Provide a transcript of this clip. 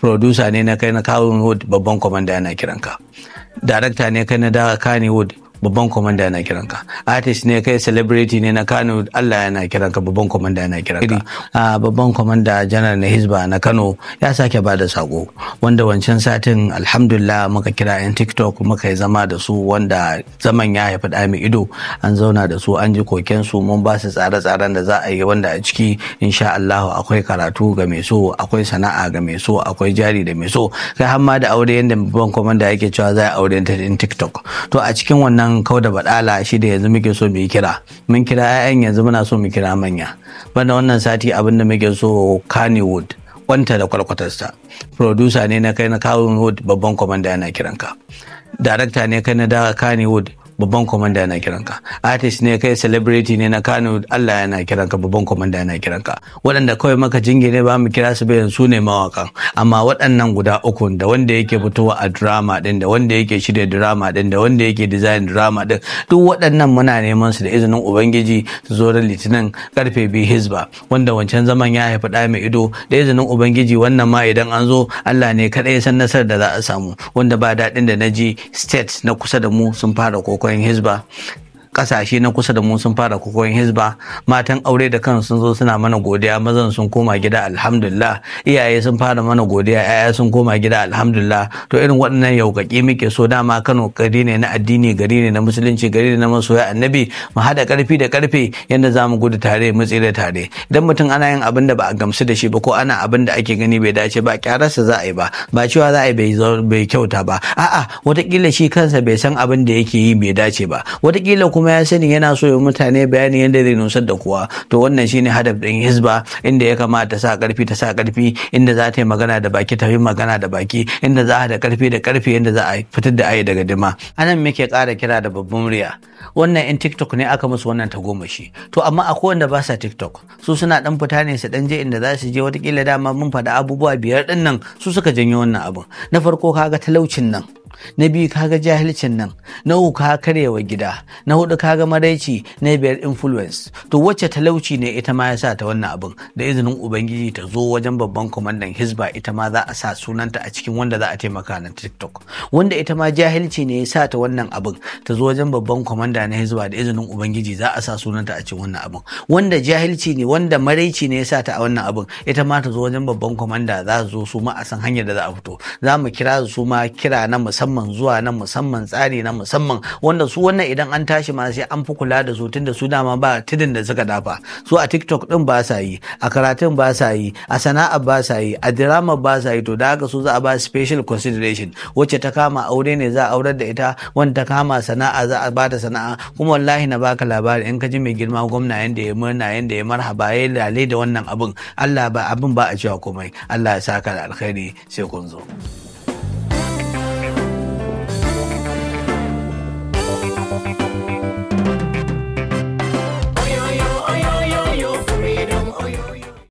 producer ne na kai na kawo wood babban kwamanda yana kiranka director ne kai na da kani wood babban komanda yana kiran ka artist ne kai celebrity ne na Kano Allah yana kiran ka babban komanda yana kiran ka babban komanda janar na Hizba na Kano ya sake bada sako wanda wancan satin alhamdulillah muka kira yan TikTok muka yi zama da su wanda zaman ya haifi da ido an zauna da su an ji koken su mun ba su tsare-tsaren da za a yi wanda a ciki insha Allah akwai karatu ga mai so akwai sana'a ga mai so akwai jari da mai so kai har ma da aure yanda babban komanda yake cewa za a aure ta TikTok to a cikin wannan wannan kau da baɗala shi da yanzu muke so mu yi kira mun kira 'ya'yan yanzu muna so mu kira manya bana wannan sati abin da muke so Kannywood kwanta da kwalkwatarsa producer ne na kai na Kannywood babban kwamanda yana kiranka director ne kai na da Kannywood babban komanda yana kiranka artist ne kai celebrity ne na kano allah yana kiranka babban komanda yana kiranka waɗanda kawai maka jingine ba mu kira su bayan su ne mawakan amma waɗannan guda uku da wanda yake fitowa a drama din da wanda yake shirya drama din da wanda yake design drama din duk waɗannan muna neman su da izinin ubangiji su zo da litinin karfe biyu Hisba wanda wancan zaman ya haifi ɗaya mai ido da izinin ubangiji wannan ma idan an zo allah ne kaɗai san nasarar da za a samu wanda ba daɗin da na ji state na kusa da mu sun fara koko playing Hizbah kasashe na kusa da mu sun fara kokoyin hizba matan aure da kansu sun zo suna mana godiya mazan sun koma gida alhamdulillah iyaye sun fara mana godiya yaya sun koma gida alhamdulillah to irin waɗannan yaukaki muke so dama Kano gari ne na addini gari ne na musulunci gari ne na masoya annabi mu haɗa ƙarfi da ƙarfe yadda za mu gudu tare mu tsira tare idan mutum ana yin abin da ba a gamsu da shi ba ko ana abin da ake gani bai dace ba kyararsa za a yi ba ba cewa za a yi bai kyauta ba a'a watakila shi kansa bai san abin da yake yi bai dace ba watakila kuma kuma ya sani yana so ya mutane bayani yadda zai nusar da kowa to wannan shine hadaf din hizba inda ya kamata sa karfi ta sa karfi inda za ta yi magana da baki ta yi magana da baki inda za a da karfi da karfi inda za a fitar da ayi daga dima anan muke ƙara kira da babban murya wannan in tiktok ne aka musu wannan shi. to amma akwai wanda ba sa tiktok su suna dan fita ne su dan je inda za su je watakila dama mun faɗa abubuwa biyar ɗin nan su suka janyo wannan abin na farko kaga talaucin nan na biyu kaga jahilcin nan na uku ka karewa gida na hudu kaga maraici na biyar influence to wacce talauci ne ita ma ya sa ta wannan abin da izinin ubangiji ta zo wajen babban kwamandan hisba ita ma za a sa sunanta a cikin wanda za a taimaka na tiktok wanda ita ma jahilci ne ya sa ta wannan abin ta zo wajen babban kwamanda na hisba da izinin ubangiji za a sa sunanta a cikin wannan abin wanda jahilci ne wanda maraici ne ya sa ta a wannan abin ita ma ta zo wajen babban kwamanda za su zo su ma a san hanyar da za a fito za mu kira su ma kira na musamman musamman zuwa na musamman tsari na musamman wanda su wannan idan an tashi ma sai an fi kula da su tunda su dama ba tudun da suka dafa su a tiktok din ba sa yi a karatun ba sa yi a sana'a ba sa yi a drama ba sa yi to da haka su za a ba special consideration wacce ta kama aure ne za a aurar da ita wanda ta kama sana'a za a ba ta sana'a kuma wallahi na baka labari in ka ji mai girma gwamna yanda ya murna yanda ya marhaba ya lale da wannan abin Allah ba abin ba a cewa komai Allah ya saka da alkhairi sai kun zo. Bye.